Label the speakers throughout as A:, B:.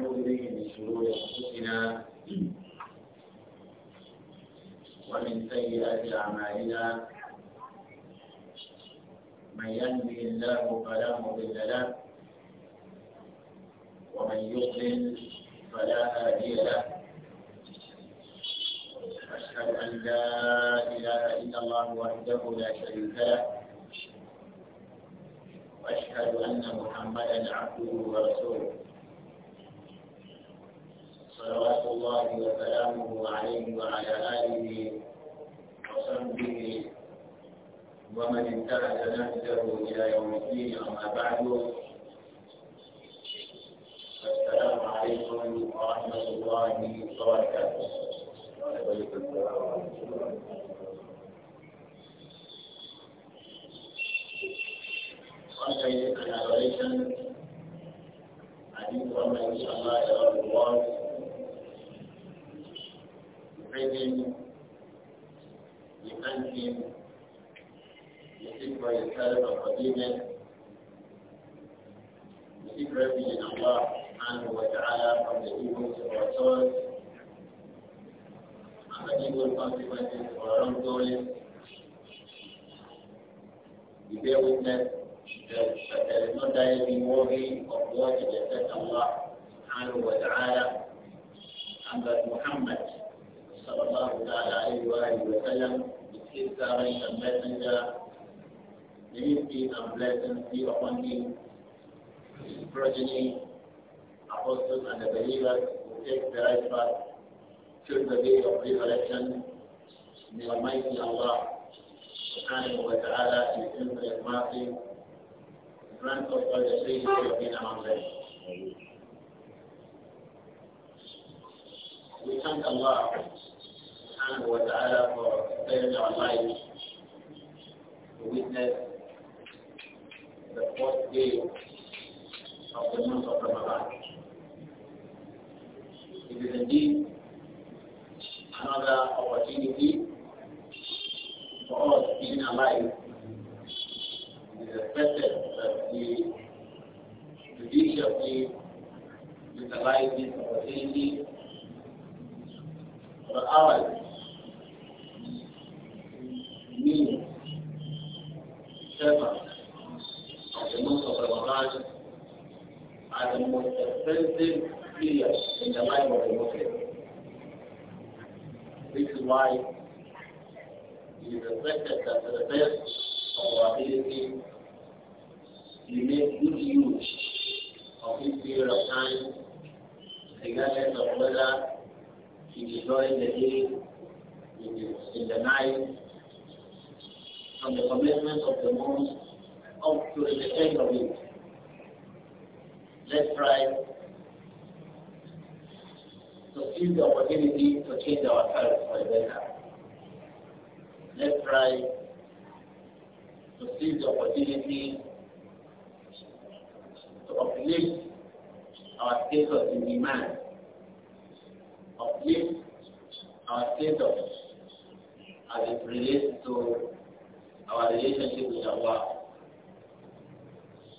A: ونعوذ به من شرور أنفسنا ومن سيئات أعمالنا من يهده الله فلا مضل له ومن يضلل فلا هادي له أشهد أن لا إله إلا الله وحده لا شريك له وأشهد أن محمدا عبده ورسوله صلوات الله وسلامه عليه وعلى آله وصحبه ومن انتهج نهجه إلى يوم الدين أما بعد السلام عليكم ورحمة الله وبركاته.
B: وعليكم السلام ورحمة الله وبركاته.
A: One day, an adoration, I think one may be Allah, bringing the unseen, you seek for yourself and forgiveness, you seek refuge in Allah subhanahu wa ta'ala from the evils of our souls and the evil consequences of our wrongdoing. You bear witness that, that there is no deity worthy of worship except Allah subhanahu wa ta'ala and that Muhammad his and messenger. May peace and blessings be upon him, his progeny, apostles and the believers who take the right path till the day of resurrection. May Almighty Allah subhanahu wa ta'ala infinite mercy grant us all the things we have been among them. We thank Allah subhanahu wa ta'ala for sparing our lives to witness the fourth day of the month of Ramadan. It is indeed another opportunity for us being alive. It is expected that we judiciously utilize this opportunity for ours being servant the month of Ramadan are the most expensive period in the life of the Muslim. This is why it is expected that the best of our ability we make good use of this period of time regardless of whether it is during the day opportunity to change ourselves for better. Let's try to seize the opportunity to uplift our status in demand, uplift our status as it relates to our relationship with Allah.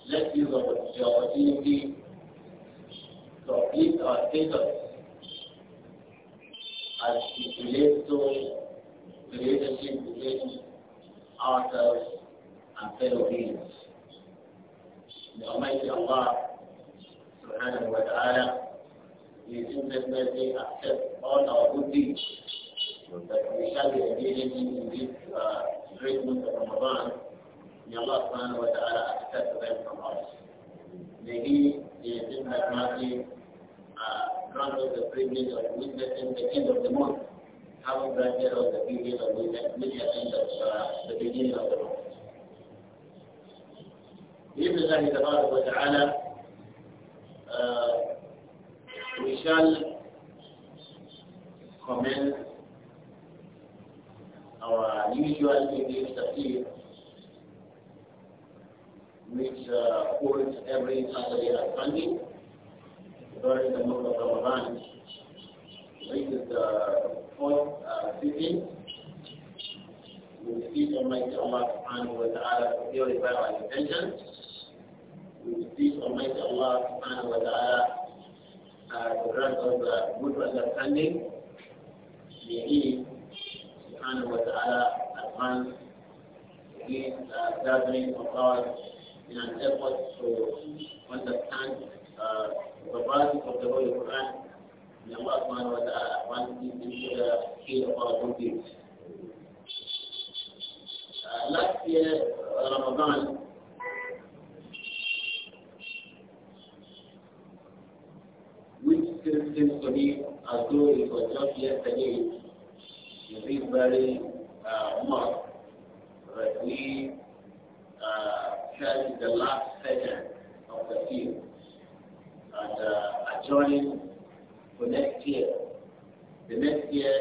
A: Let's use the opportunity to uplift our status as it relates to the relationship between ourselves and fellow beings. The Almighty Allah subhanahu wa ta'ala is infinitely accept all our good deeds that we shall be engaging in this uh, great month of Ramadan. May Allah subhanahu wa ta'ala accept them from us. May He, the infinite mercy, uh, grant us the privilege of witnessing the end of the month. Having granted us the privilege of witnessing the, uh, the beginning of the month. بإذن الله تبارك وتعالى uh, we shall commence our usual English tafsir which uh, holds every Saturday and Sunday during the month of Ramadan, which is the uh, fourth uh, sitting, we seek Almighty Allah subhanahu wa ta'ala to purify our intentions. We seek Almighty Allah subhanahu wa ta'ala uh, to grant us a uh, good understanding. May He subhanahu wa ta'ala advance this uh, gathering of ours in an effort to understand uh, وذلك of the Holy Quran, and Allah subhanahu wa ta'ala wants to ensure of our good last year, Ramadan, which still seems to as though it was just yesterday, in this very uh, month, that we uh, the last session of the field and uh, adjourning for next year. The next year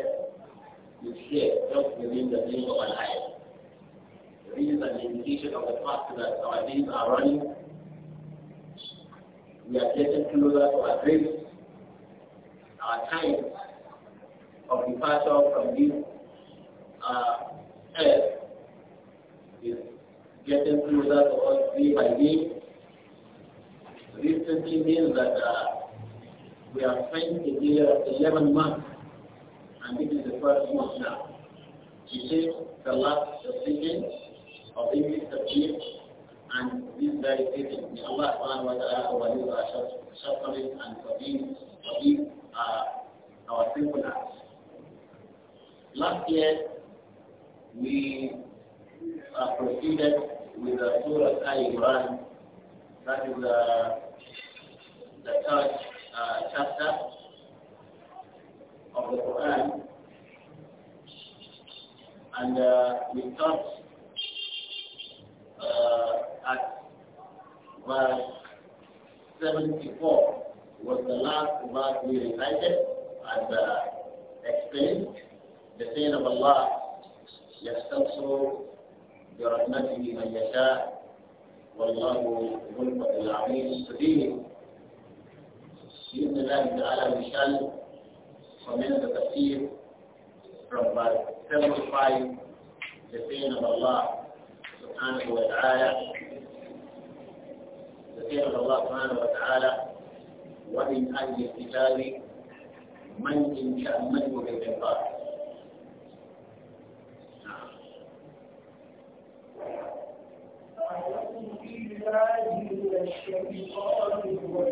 A: is here, just within the name of an ayah. This is an indication of the fact that our days are running. We are getting closer to our dreams. Our time of departure from this uh, earth is getting closer to us day by day. This simply means that uh,
B: we are spent the
A: year 11 months, and this is the first month now. It is the last season of English Tafsir, and this very season, The Allah subhanahu wa ta'ala overlook our shortcomings and forgive, uh, our sinful Last year, we uh, proceeded with the Surah Al-Imran, that is the uh, the third uh, chapter of the Quran, and uh, we stopped uh, at verse 74 was the last verse we recited and uh, uh explained the saying of Allah, يَسْتَنْصُرُ بِرَحْمَتِهِ مَنْ يَشَاءُ وَاللَّهُ ذُو الْعَظِيمِ الْعَظِيمِ بإذن الله تعالى إن شاء ومن التفسير from verse 75 the pain of سبحانه وتعالى the الله سبحانه وتعالى ومن أجل الكتاب من إن شاء من هو بالإنفاق
B: أعوذ بالله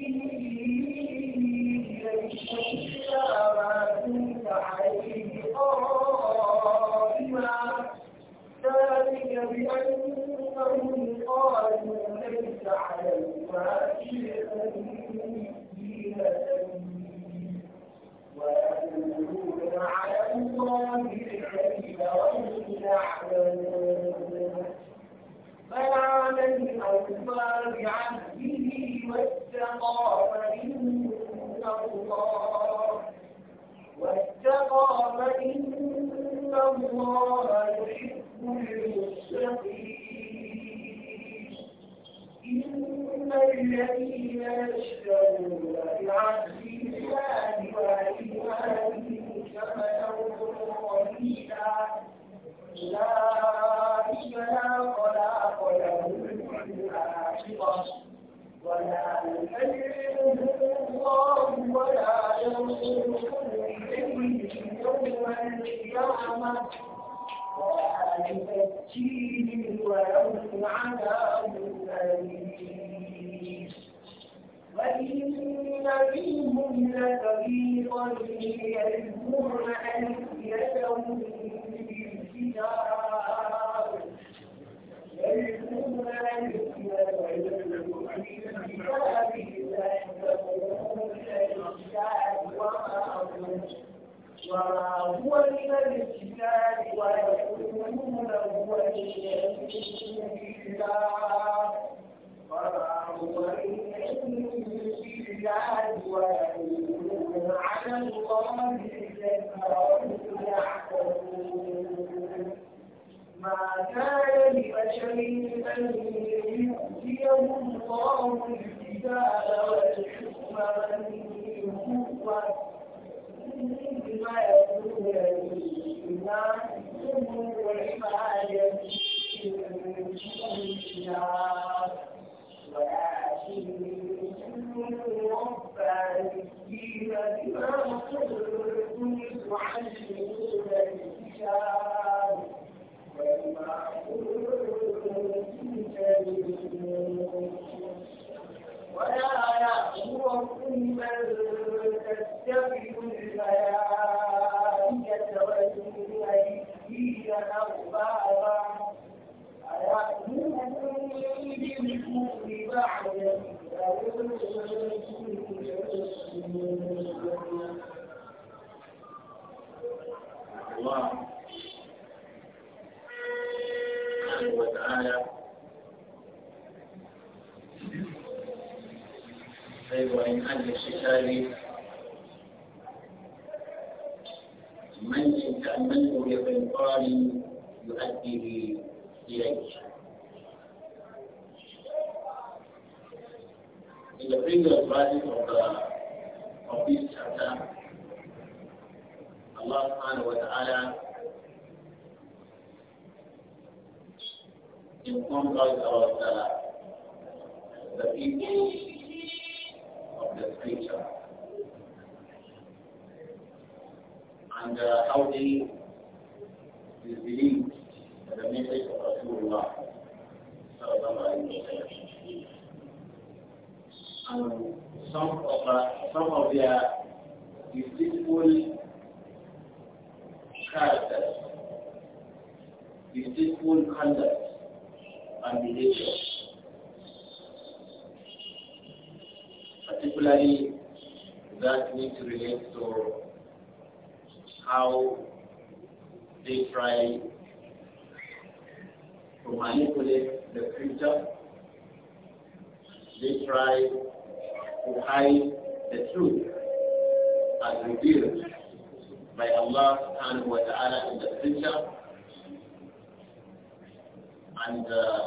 B: بعبده الله يحب المتقين إن الذين يشترون بعهد الله وأيمانهم ثمنا كبرت ولا يكلمهم الله ولا ينصرهم يوم القيامة ولا يزكيهم ولهم عذاب أليم وإن منهم لفريقا يلبون ألسنتهم بالكتاب يلبون ألسنتهم وما هو من الكتاب ويقولون هو وما هو من الكتاب ويقولون على الله الذي يعتدون ما كان لبشر أن يؤتيه الله الكتاب والحكمة والنبوة مما يكون للناس ثم والعبادة ولكن ربانيين بما كنتم تعلمون الكتاب ولا يأمركم أن تتخذوا الآيات
A: to how they try to manipulate the future, They try to hide the truth as revealed by Allah subhanahu wa ta'ala in the future, And uh,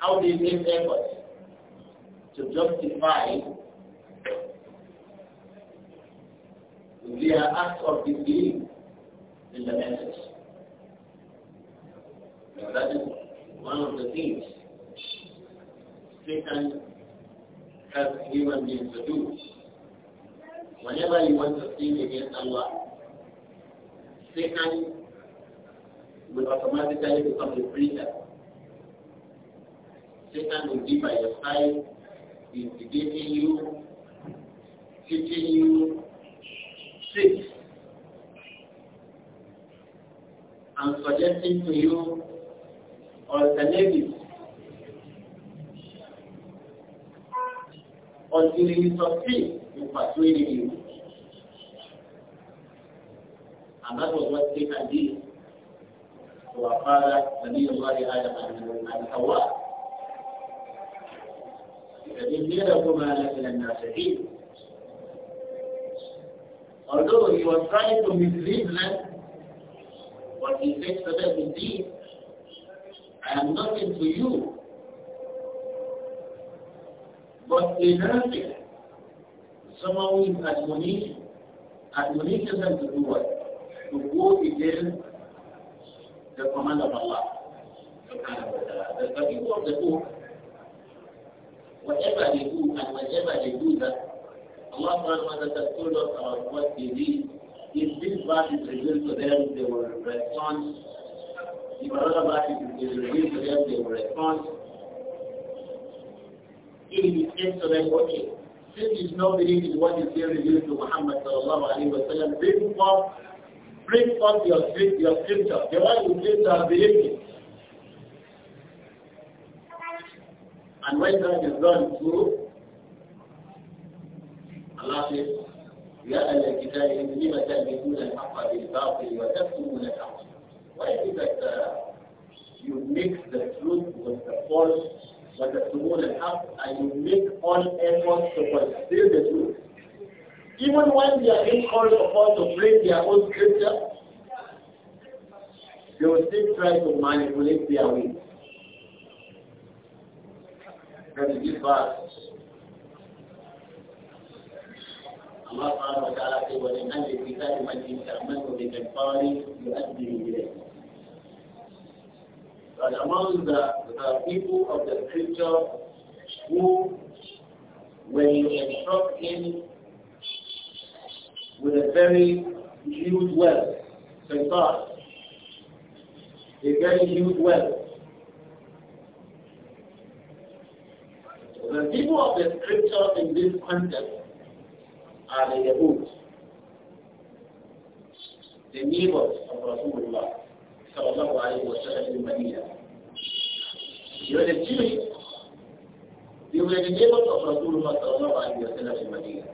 A: how they make efforts to justify They are acts of disbelief in the message. Now that is one of the things Satan has human beings to do. Whenever you want to sin against Allah, Satan will automatically become the preacher. Satan will be by your side, instigating you, teaching you, straight. I'm suggesting to you alternatives until you succeed in persuading you. And that was what Satan did to our father, Nabi Allah Adam and Hawa. إذا من Although he was trying to mislead them, what he said to them, indeed, I am nothing to you, but a heretic, someone who is admonition, admonition them to do what? To go against the command of Allah. The, people of the book, whatever they do and whatever they do that, Allah subhanahu wa ta'ala told us about what they did. If this verse is revealed to them, they will respond. If another verse is revealed to them, they will respond. If it says to them, okay, since it's not belief in what is being revealed to Muhammad sallallahu alayhi wa sallam, bring forth, bring forth your, your scripture, the one you claim to have believed in. And when that is done through Allah Why is it that uh, you mix the truth with the false, with the تكتمون الحق, and you make all efforts to conceal the truth? Even when they are being called upon to break their own scripture, they will still try to manipulate their way. That is this الله وتعالى الكتاب من إن تأمنه بكفار يؤدي إليه But among the, the people of the scripture who, when you instruct him with a very huge wealth, shaitan, a very huge wealth, the people of the scripture in this context are the Yahud, the neighbors of Rasulullah صلى الله عليه وسلم. in Medina. They were the Jewish, they were the neighbors of Rasulullah صلى الله عليه وسلم. in Medina.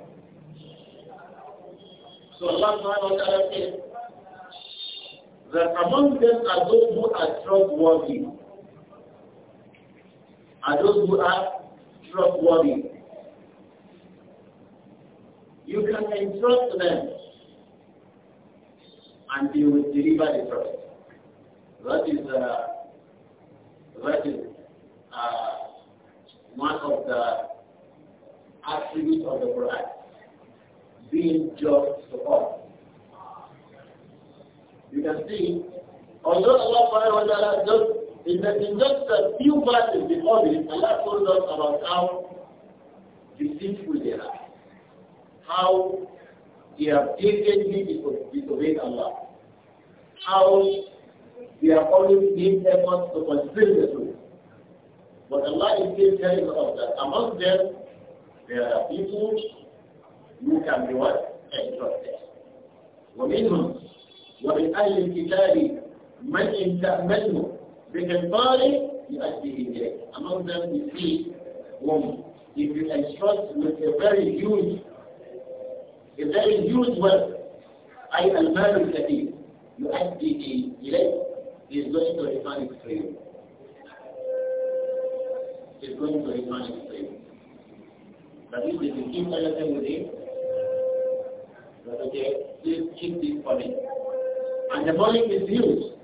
A: So Allah subhanahu wa ta'ala says that among them are those who are trustworthy, are those who are trustworthy. You can instruct them and they will deliver the prophet. That is, uh, that is uh, one of the attributes of the Quran, being just to all. You can see, although Allah subhanahu wa just, in, the, in just a few verses before this, Allah told us about how deceitful they are how they have patiently disobeyed Allah, how they have always made efforts to fulfill the truth. But Allah is still telling us that among them, there are people who can be what? Entrusted. ومنهم ومن أهل الكتاب من إن تأمنه بكفار يؤديه إليك. Among them we see woman. If you entrust with a very huge a very huge wealth أي المال الكثير يؤدي إليه is going to return it to you. It's going to return it But you. if you keep everything with it, that's okay, please keep this for me. And the money is used.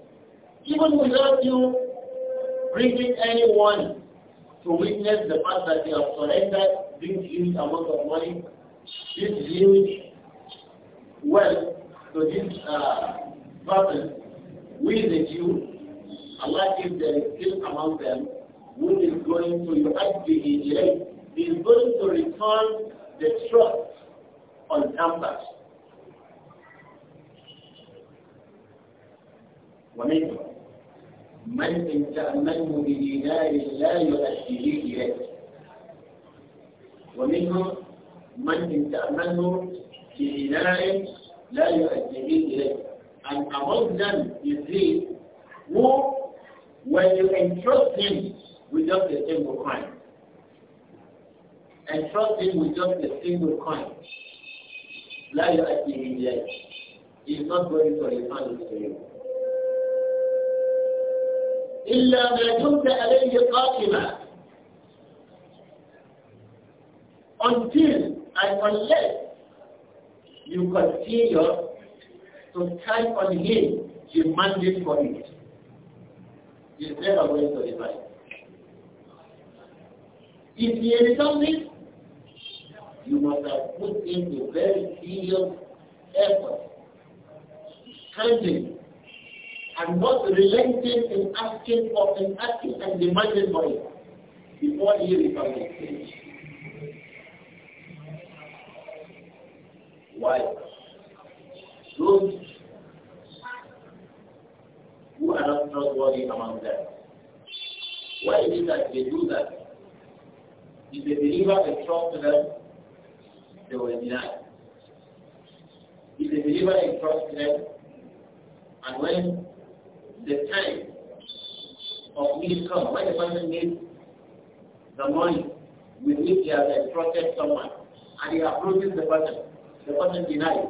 A: Even without you bringing anyone to witness the fact that you have surrendered this huge amount of money, this huge well, to this uh, person who is a Jew, Allah gives them still among them, who is going to Yu'adbihi Ilayh, is going to return the trust on campus. ومنهم من إن تأمنه بدينار لا يؤديه إليك ومنهم من إن تأمنه بدينار لا يؤديه إليه and among them is he who when you entrust him with just a single coin entrust him with just a single coin لا يؤديه he is not going to return it to you إلا ما دمت عليه قائما until and unless you continue to type on him demanding for it. He's never going to revive. If he returns you must have put in a very serious effort, standing, and not relenting in asking for in asking and demanding for it before he returns Why? who are not trustworthy among them. Why is it that they do that? If the deliver is trust them, they will deny. If the deliver is trust them, and when the time of need comes, when the person needs the money with which he has entrusted someone, and he approaches the person, the person denied.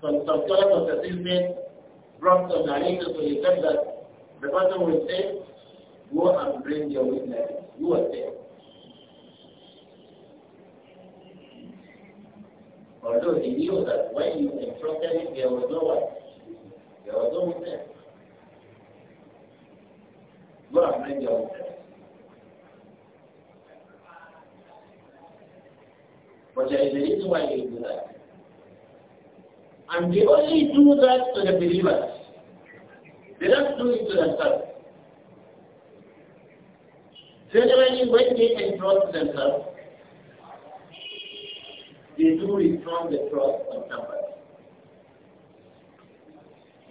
A: Some, some scholars of the season brought some narration to the effect that the person say, go and bring your witness. You are there. Although he knew that when you confronted him, there was no one. There was no witness. Go and bring there is a reason why they do that. And they only do that to the believers. They don't do it to themselves. Generally, when they entrust themselves, they do it from the trust of somebody.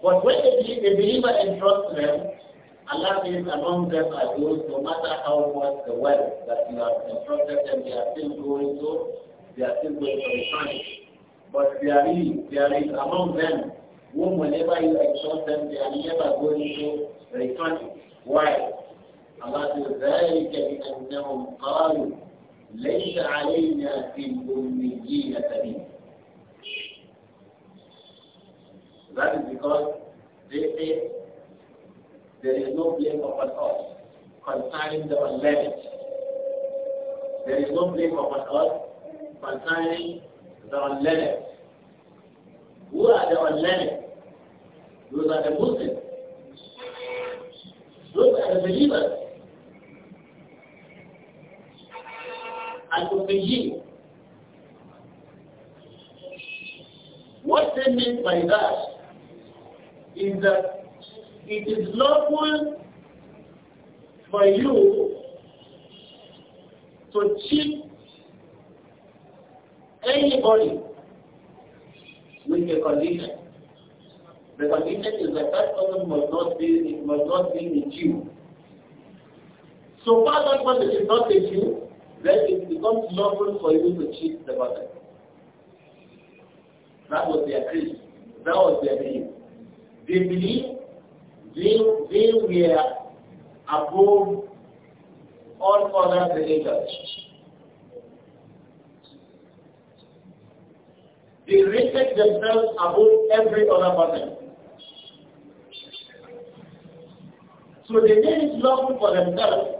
A: But when the, the believer entrusts them, Allah is among them are those, no matter how much the wealth that you have entrusted them, they are still going to they are still going to be transit. But there is, there is among them whom whenever you exhort them, they are never going to return. Why? Allah says, ذَلِكَ بِأَنَّهُمْ قَالُوا لَيْسَ عَلَيْنَا فِي الْأُمِّيِّينَ سَبِيلٌ That is because they say there is no blame upon us concerning the unleavened. There is no blame upon us concerning the unleavened. Who are the unleavened? Those are the Muslims. Those are the believers. what they mean by that is that it is lawful for you to cheat anybody with a condition. The condition is that that person must not be it must not be a Jew. So far that person is not a Jew, then it becomes lawful for you to cheat the person. That was their creed. That was their belief. They believe they, they were above all other religions. they rated themselves above every other person. So they didn't love for themselves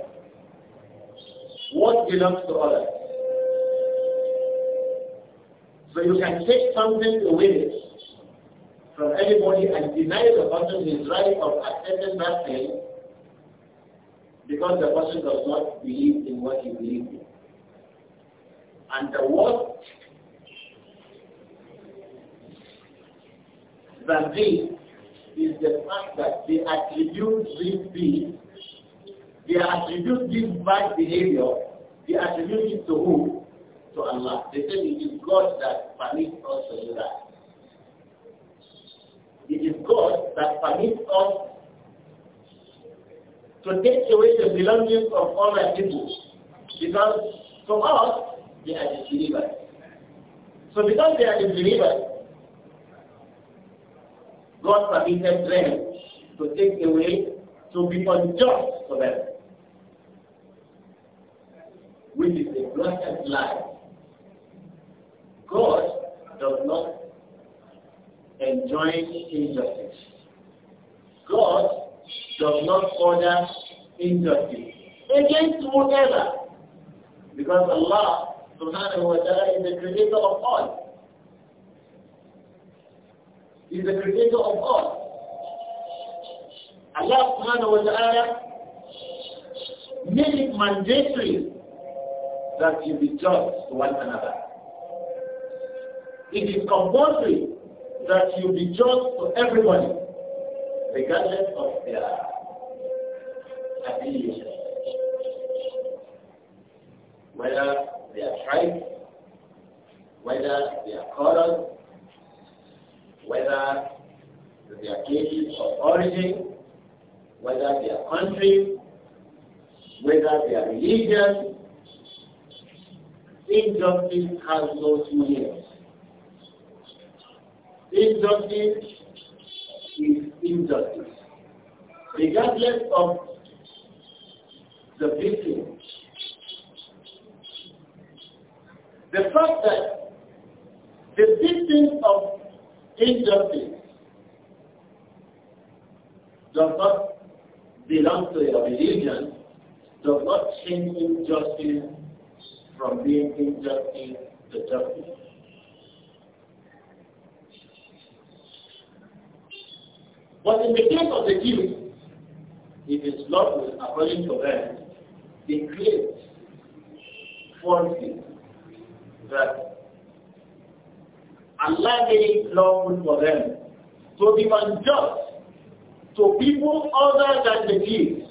A: what belongs to others. So you can take something away from anybody and deny the person his right of accepting that thing because the person does not believe in what he believes in. And the worst from this is the fact that they attribute this deed, attribute this bad behavior, they attribute it to who? To Allah. They say it is God that permits us to do that. It is God that permits us to take away the belongings of all my people. Because from us, they are the believers. So because they are the believers, God permitted them to take away to be unjust for them, which is a blatant lie. God does not enjoy injustice. God does not order injustice against whoever, because Allah subhanahu wa ta'ala is the creator of all is the creator of all. Allah subhanahu wa ta'ala made it mandatory that you be just to one another. It is compulsory that you be just to everybody, regardless of their affiliation. Whether they are tribe, whether they are color, whether their places of origin, whether their country, whether their religion, injustice has no meaning. Injustice is injustice. Regardless of the victim, the fact that the victims of Injustice does not belong to your religion, does not change injustice from being injustice to justice. But in the case of the Jews, it is lawful according to them, they create forces that Allah made it lawful for them to be unjust to people other than the Jews.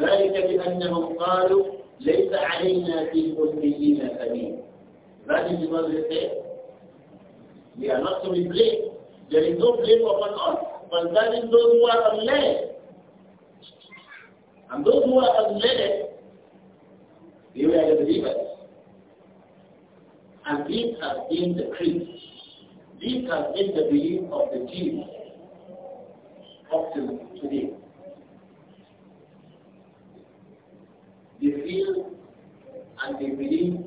A: ذلك بأنهم قالوا ليس علينا في الأميين سبيل. That is what they say. We are not to be blamed. There is no blame upon us but that is those who are unled. And those who are unled, they are the believers. And this has been the creed. This has been the belief of the Jews up to today. They feel and they believe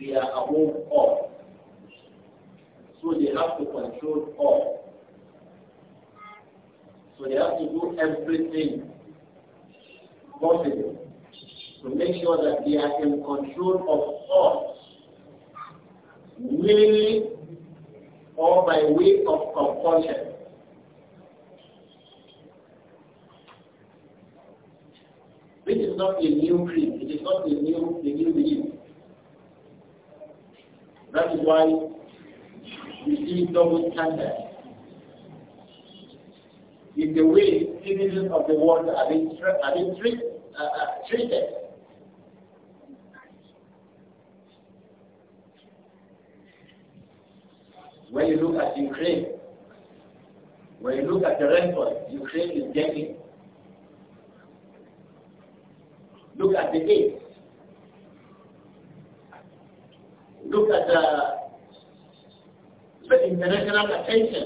A: they are above all. So they have to control all. So they have to do everything possible to make sure that they are in control of all willingly or by way of compulsion. This is not a new creed. It is not a new, a new belief. That is why we see double standard In the way citizens of the world are being, are being uh, uh, treated When you look at Ukraine, when you look at the rainfall Ukraine is getting, look at the aid, look at the, the international attention.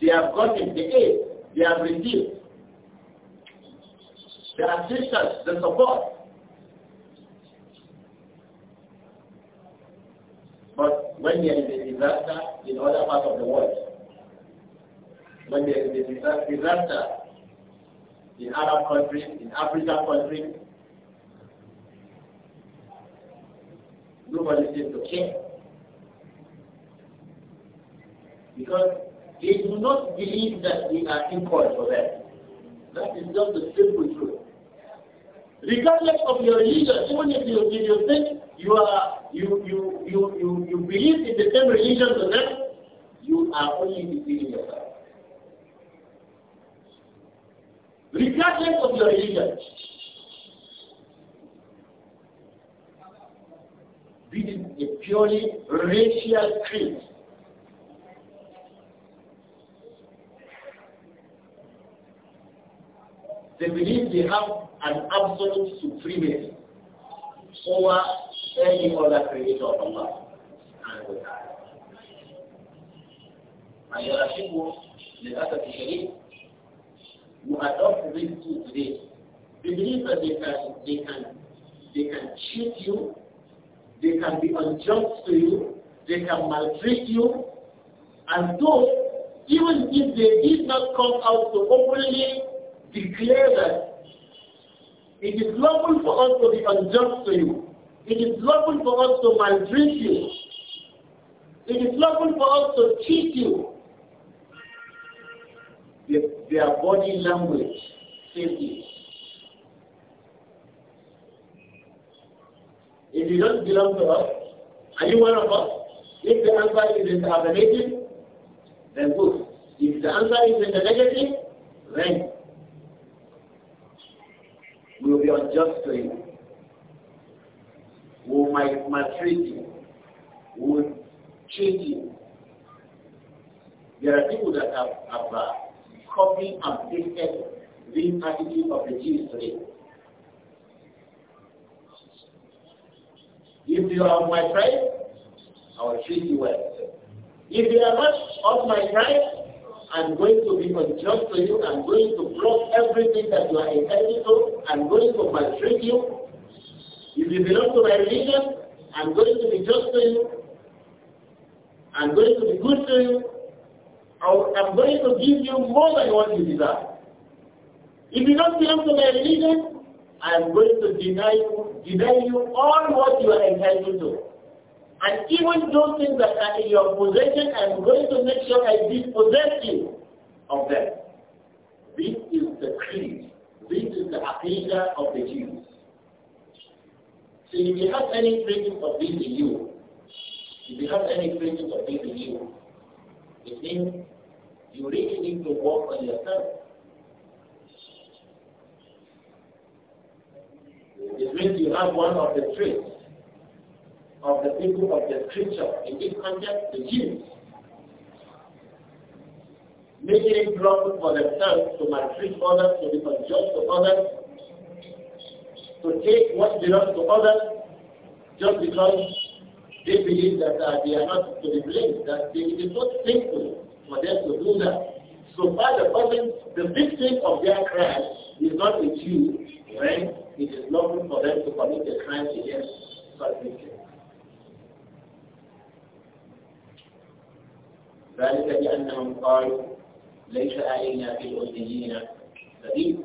A: They have gotten the aid, they have received the assistance, the support when there is a disaster in other parts of the world, when there is a disaster in
B: Arab countries, in African
A: countries, nobody seems to care. Because they do not believe that we are equal for them. That is just the simple truth. Regardless of your religion, even if you, if you think you are you, you, you, you, you believe in the same religion to them, you are only deceiving yourself. Regardless of your religion, this is a purely racial creed. They believe they have an absolute supremacy over any other creator of Allah subhanahu wa ta'ala. And Yarashimu, the other Sharif, who adopt this two today, they believe that they can, they can, they can cheat you, they can be unjust to you, they can maltreat you, and though even if they did not come out to openly declare that it is lawful for us to be unjust to you, it is lawful for us to maltreat you. It is lawful for us to cheat you. Their, their body language says it. If you don't belong to us, are you one of us? If the answer is in the affirmative, then good. If the answer is in the negative, then we will be unjust to you will might maltreat you, will treat you. There are people that have, have uh, copied and pasted the attitude of the Jews today. If you are my tribe, I will treat you well. If you are not of my tribe, I'm going to be unjust to you. I'm going to block everything that you are entitled to. I'm going to maltreat you. If you belong to my religion, I'm going to be just to you. I'm going to be good to you. I'm going to give you more than what you desire. If you don't belong to my religion, I'm going to deny you, deny you all what you are entitled to. And even those things that are in your possession, I'm going to make sure I dispossess you of them. This is the creed. This is the aqidah of the Jews. So if you have any traces of being in you, if you have any traces of being in you, it means you really need to work on yourself. It means you have one of the traits of the people of the scripture in this context, the Jews, making it wrong for themselves to maltreat others, to be unjust to others, to take what belongs to others just because they believe that uh, they are not to be blamed, that it is not sinful for them to do that. So by the person, the victim of their crime is not with you, right? It is lawful for them to commit a crime against such victims. ذلك بأنهم قالوا ليس علينا في سبيل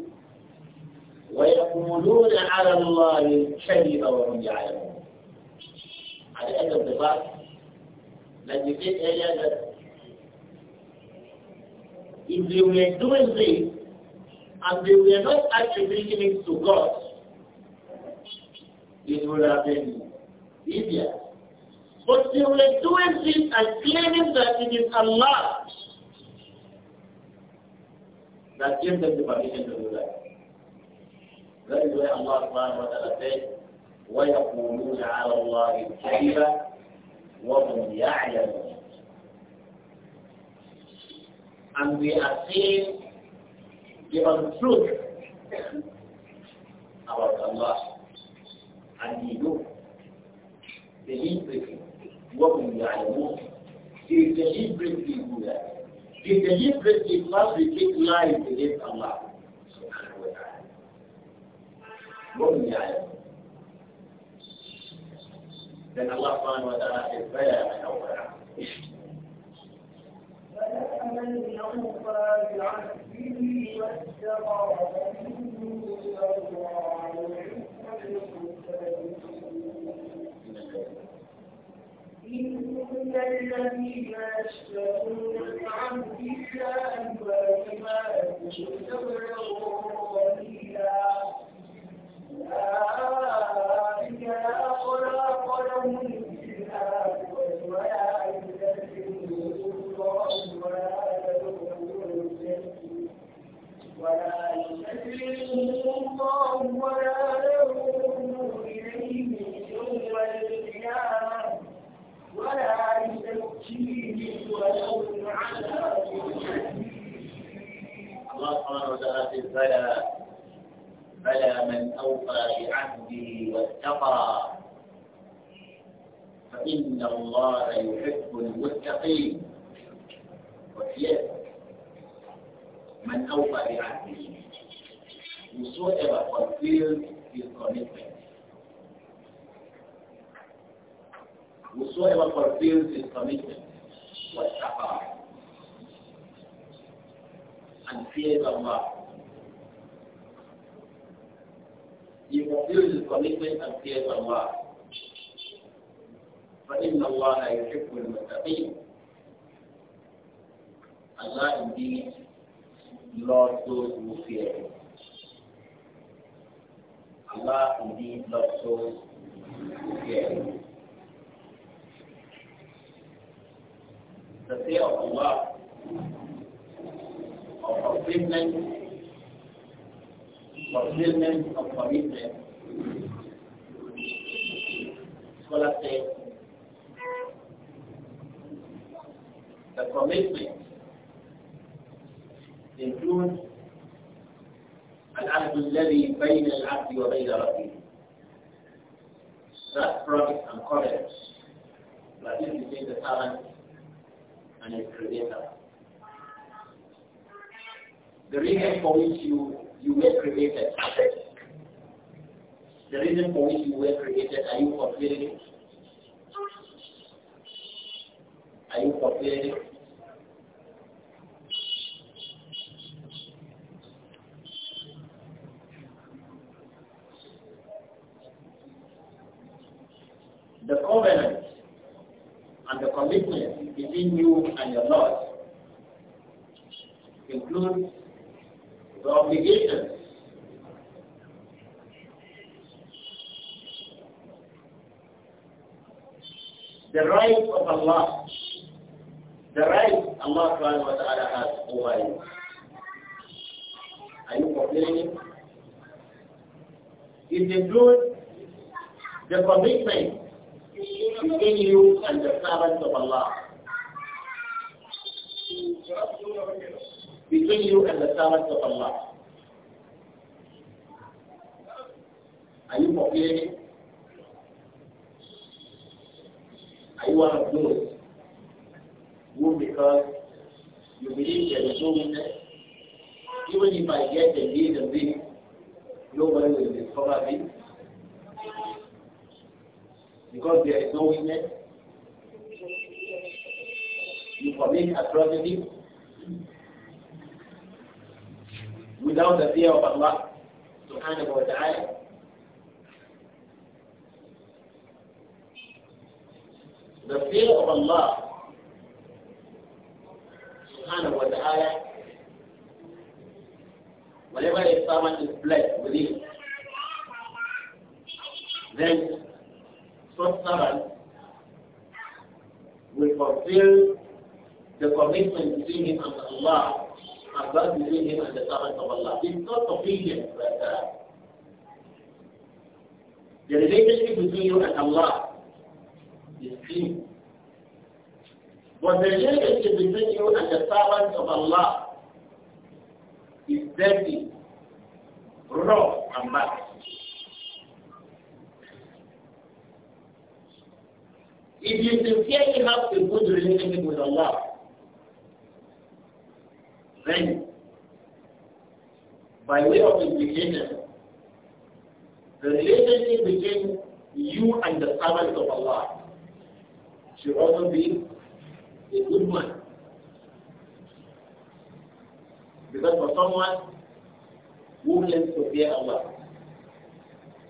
A: ويقولون على الله الكذب وهم يعلمون على أن الضباط لن يفيد إلى that if they were doing this and they were not attributing it to God, it would have been easier. But they were doing
B: this and claiming that it is Allah
A: that gave them the permission to do that. ذلك الله سبحانه وتعالى ويقولون على الله الكذب وهم يعلمون and we are seeing given truth about Allah and you know the liberty وهم يعلمون He is deliberately do that. He deliberately fabricates lies against Allah. مؤمن يعني لأن الله سبحانه وتعالى بيان أولا
B: فآمن ينفع بعهده إن الذين يشترون عن الله ما يبلغون
A: whosoever fulfills his commitment was kafar and fears Allah. He fulfills his commitment and fears Allah. فإن الله يحب المتقين Allah indeed loves those who fear Him. Allah indeed loves those who fear Him. the fear of Allah, of fulfillment, fulfillment of commitment. Scholar said, the commitment includes العهد الذي بين العبد وبين ربه. That promise and covenant that is between the servant and a creator. The reason for which you, you were created, the reason for which you were created, are you fulfilling it? Are you fulfilling it? between you and your Lord includes the obligations the right of Allah, the right Allah subhanahu wa ta'ala has over you. Are you complaining? It includes the commitment between you and the servants of Allah between you and the servants of Allah. Are you complaining? Are you one of those who, because you believe there is no witness, even if I get a deed and this, nobody will discover this? Because there is no witness, you commit atrocities without the fear of Allah subhanahu wa ta'ala. The fear of Allah subhanahu wa ta'ala, whenever a servant is blessed with it, then such servant will fulfill the commitment between him and Allah and that between him and the servant of Allah. It's not opinion like that. The relationship between you and Allah is clean. But the relationship between you and the servant of Allah is dirty, rough, and bad. If you sincerely have a good relationship with Allah, then, by way of implication, the relationship between you and the servants of Allah should also be a good one. Because for someone who claims to fear Allah,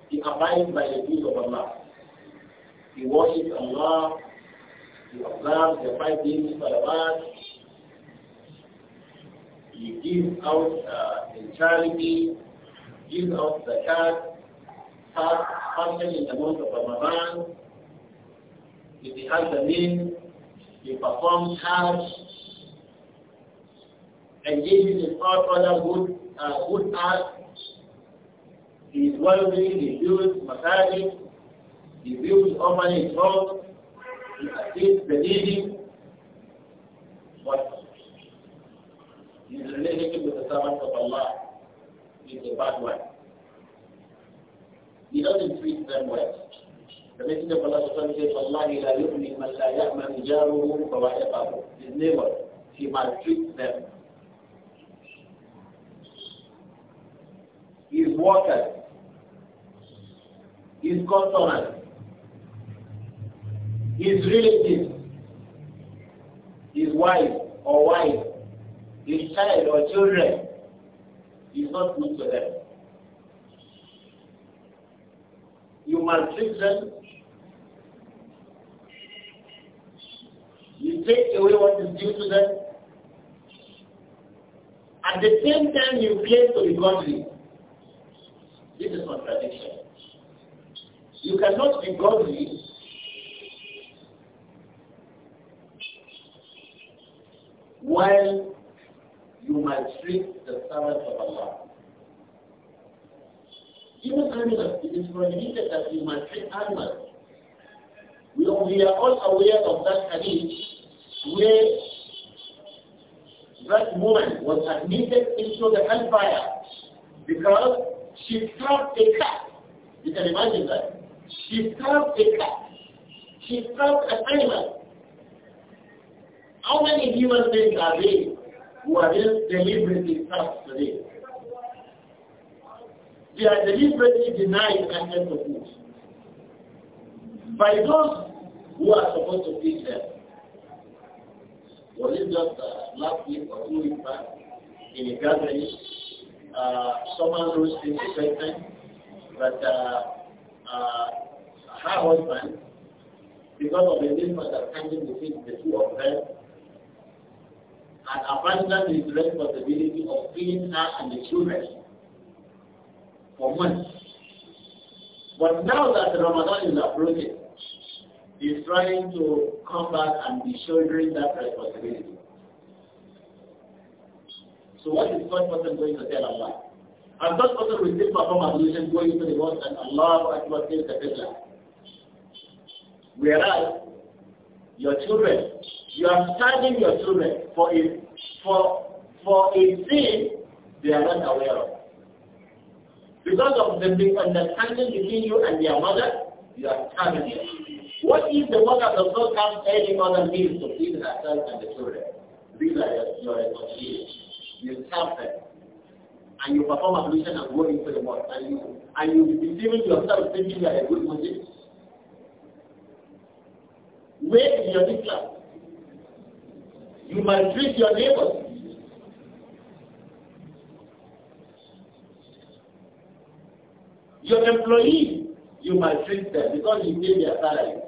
A: he abides by the rules of Allah. He worships Allah, he observes the five daily salawat, he gives out uh, in charity, gives out the zakat, fast, fasting in the month of Ramadan, if he has the means, he performs Hajj, engages in all father good, uh, good acts, he is wealthy, he builds masajid, he builds orphanage homes, he assists the needy, but his relationship with the servants of Allah is a bad one. He doesn't treat them well. The Messenger of Allah says, "Allah la yu'min man la ya'man jaruhu fawa'iqahu. His neighbor, he maltreats them. His workers, his consonants, his relatives, his wife or wife, the child or children is not good to them. You maltreat them. You take away what is due to them. At the same time, you claim to be godly. This is contradiction. You cannot be godly while you maltreat the servant of Allah. Even animals, it is prohibited that you maltreat animals. We are, we are all aware of that hadith where that woman was admitted into the hellfire because she stabbed a cat. You can imagine that. She stabbed a cat. She stabbed an animal. How many human beings are there what is deliberately trapped today. They are deliberately denied access to food by those who are supposed to feed them. Was it just uh, last week or two weeks back in a gathering, uh, someone who is pregnant, but uh, uh, her husband, because of the misunderstanding between the two of them, and abandoned his responsibility of feeding her and the children for months. But now that Ramadan is approaching, he's trying to come back and be shouldering that responsibility. So what is God person going to tell Allah? And God person will still perform ablution going to the mosque and Allah will says the Qibla. Whereas your children you are charging your children for a, for, for a sin they are not aware of. Because of the misunderstanding between you and your mother, you are coming here. What if the mother the not have any other means to feed herself and the children? These are your responsibilities. You serve them and you perform ablution and go into the mosque and you and you deceiving yourself thinking you are a good Muslim. Where is your Islam? You maltreat your neighbor. Your employee, you maltreat them because you pay their salary.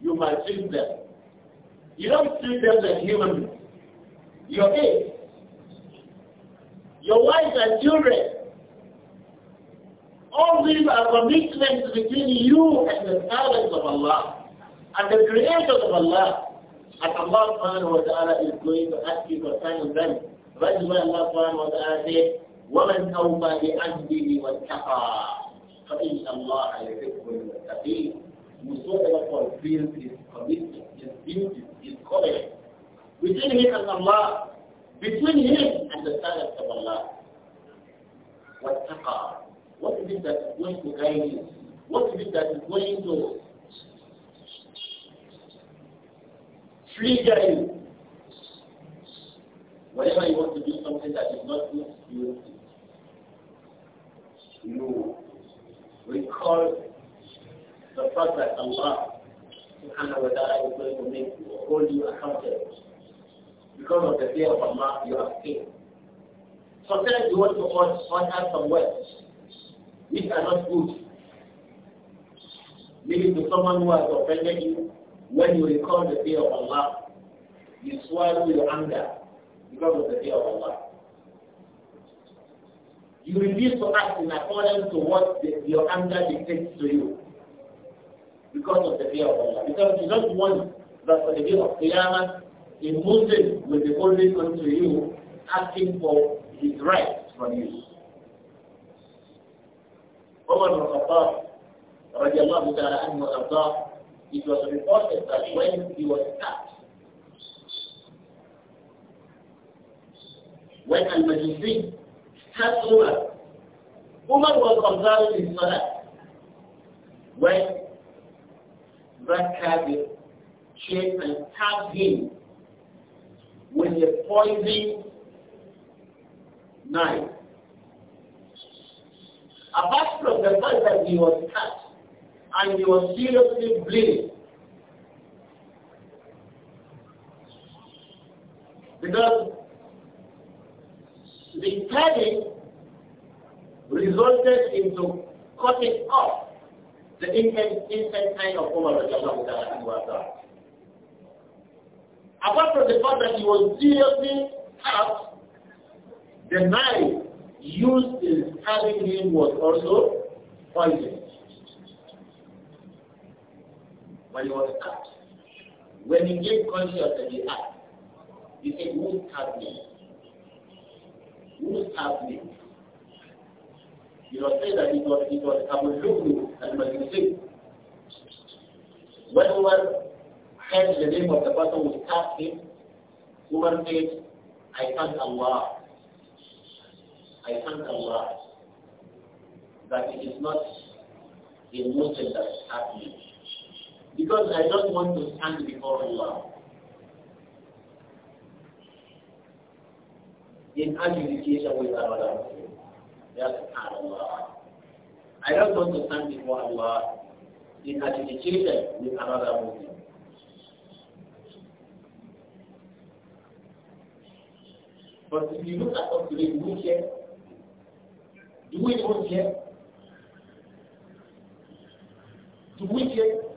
A: You maltreat them. You don't treat them as human beings. Your kids, your wife and children, all these are commitments between you and the servants of Allah and the creators of Allah. And Allah subhanahu wa ta'ala is going to ask you for sign of them. That is why Allah subhanahu wa ta'ala said, وَمَنْ أَوْفَى بِعَهْدِهِ وَاتَّقَى فَإِنَّ اللَّهَ يُحِبُّ الْمُتَّقِينَ Whosoever fulfills his commitment, his duties, his covenant, between him and Allah, between him and the servants of Allah. وَاتَّقَى What is it that is going to guide you? What is it that is going to triggering. Whenever you want to do something that is not good, you you recall the fact that Allah subhanahu wa ta'ala is going to make you hold you accountable. Because of the fear of Allah you have faith. Sometimes you want to utter some words which are not good. Maybe to someone who has offended you when you recall the fear of Allah, you swallow your anger because of the fear of Allah. You refuse to act in accordance to what the, your anger dictates to you because of the fear of Allah. Because you don't want that for the day of Qiyamah, a Muslim will be holding to you, asking for his rights from you. Umar al-Khattab, radiallahu ta'ala anhu, it was reported that when he was attacked, when Al-Majusi attacked Umar, Umar was observing his mother When that cabin came and stabbed him with a poison knife. Apart from the fact that he was cut, and you are seriously bleeding. Because the cutting resulted into cutting off the infant, infant kind of woman Apart from the fact that he was seriously hurt, the knife used in stabbing him was also poisoned. when he was asked, when he gave consciousness, you asked, he said, who stabbed me? Who stabbed me? You know, say that it was, it was Abu Lulu and Majusik. When Umar heard the name of the person who stabbed him, Umar said, I thank Allah. I thank Allah that it is not a Muslim that stabbed me. Because I don't want to stand before Allah. In adjudication with another Muslim. That's Allah. I don't want to stand before Allah in adjudication with another Muslim. But if you look at us today, do we care? Do we even care? Do we care?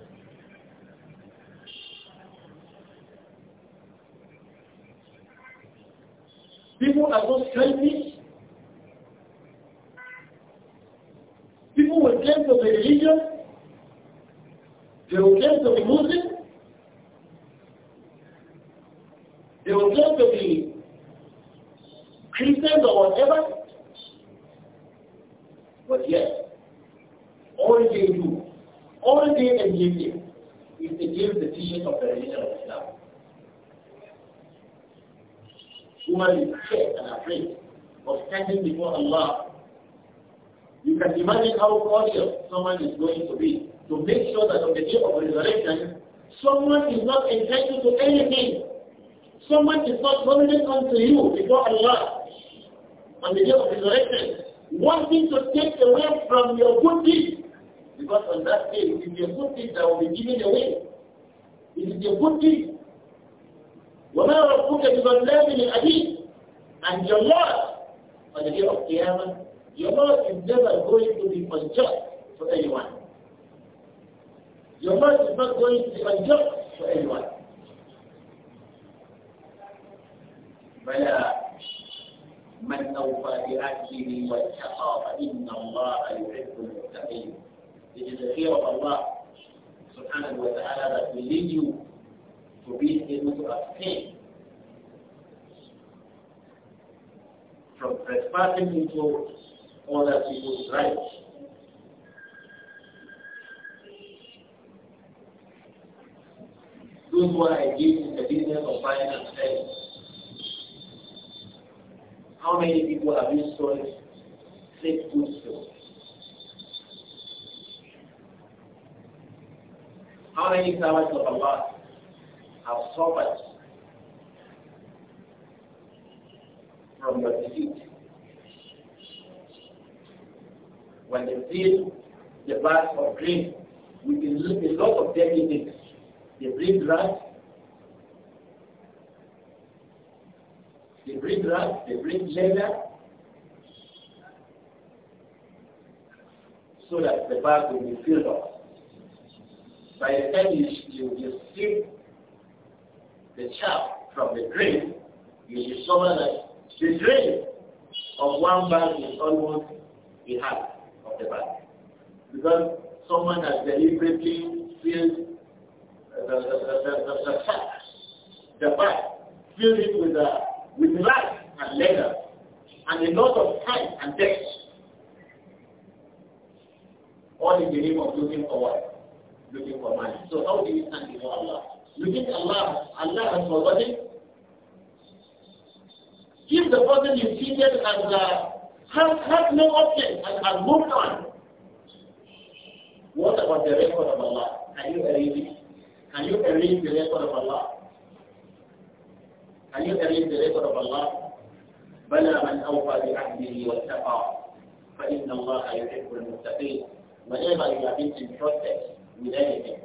A: People are not strangers. People will claim to be religious. They will claim to be Muslim. someone is going to be, to make sure that on the day of resurrection, someone is not entitled to anything. Someone is not prominent unto you before Allah on the day of resurrection, wanting to take away from your good deeds. Because on that day, it is your good deeds that will be given away. It is your good deeds. وَمَا رَبُّكَ بِظَلَّامٍ الْأَبِيدِ And your Lord on the day of Qiyamah, your Lord is never going to be unjust to anyone. Your mind is not going to be unjust to anyone. بلى من أوفى بعهده واتقى فإن الله يحب المتقين. It is the fear of Allah subhanahu wa ta'ala that will lead you to be able to abstain from trespassing into other people's rights. doing what I did in the business of buying and selling? How many people have you sold fake goods to? How many servants of Allah have suffered from your defeat? When they feel the bags of grain, we can look a lot of dead in it. They breed rats. They breed rats. They breed leather. So that the bag will be filled up. By the time you, you, you sip the chaff from the grain, you discover that the grain of one bag is almost the half of the bag. Because someone has deliberately filled the, the, the, facts, the bag, fill it with, uh, with light and leather, and a lot of time and text. All in the name of looking for what? Looking for money. So how do you stand before Allah? Looking at Allah, Allah has forgotten. If the person you cheated has, uh, has, has no object and has moved on, what about the record of Allah? Can you erase it? Can you erase the record of Allah? Can you erase the record of Allah? بلى من أوفى بعهده واتقى فإن الله يحب المتقين Whenever you have been entrusted with anything,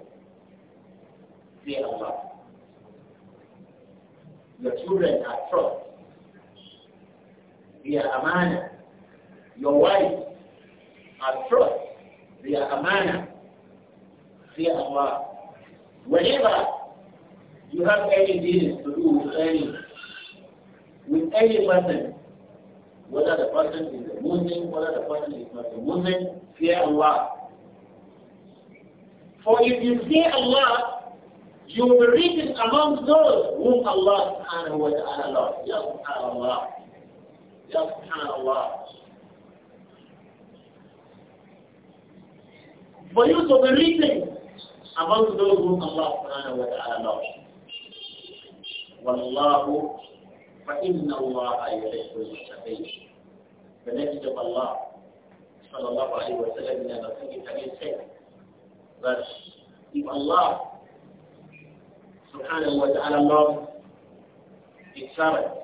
A: fear Allah. Your children are trust. They are amana. Your wife are trust. They are amana. Fear Allah. Whenever you have any dealings to do with any, with any person, whether the person is a Muslim, whether the person is not a Muslim, fear Allah. For if you fear Allah, you will be written among those whom Allah subhanahu wa ta'ala loves. Ya subhanallah. Ya subhanallah. For you to be written among those whom Allah subhanahu wa ta'ala loves. Wallahu فَإِنَّ اللَّهَ يُحِبُّ الْمُتَّقِينَ The message of Allah sallallahu alayhi wa sallam in an authentic hadith said that if Allah subhanahu wa ta'ala loves his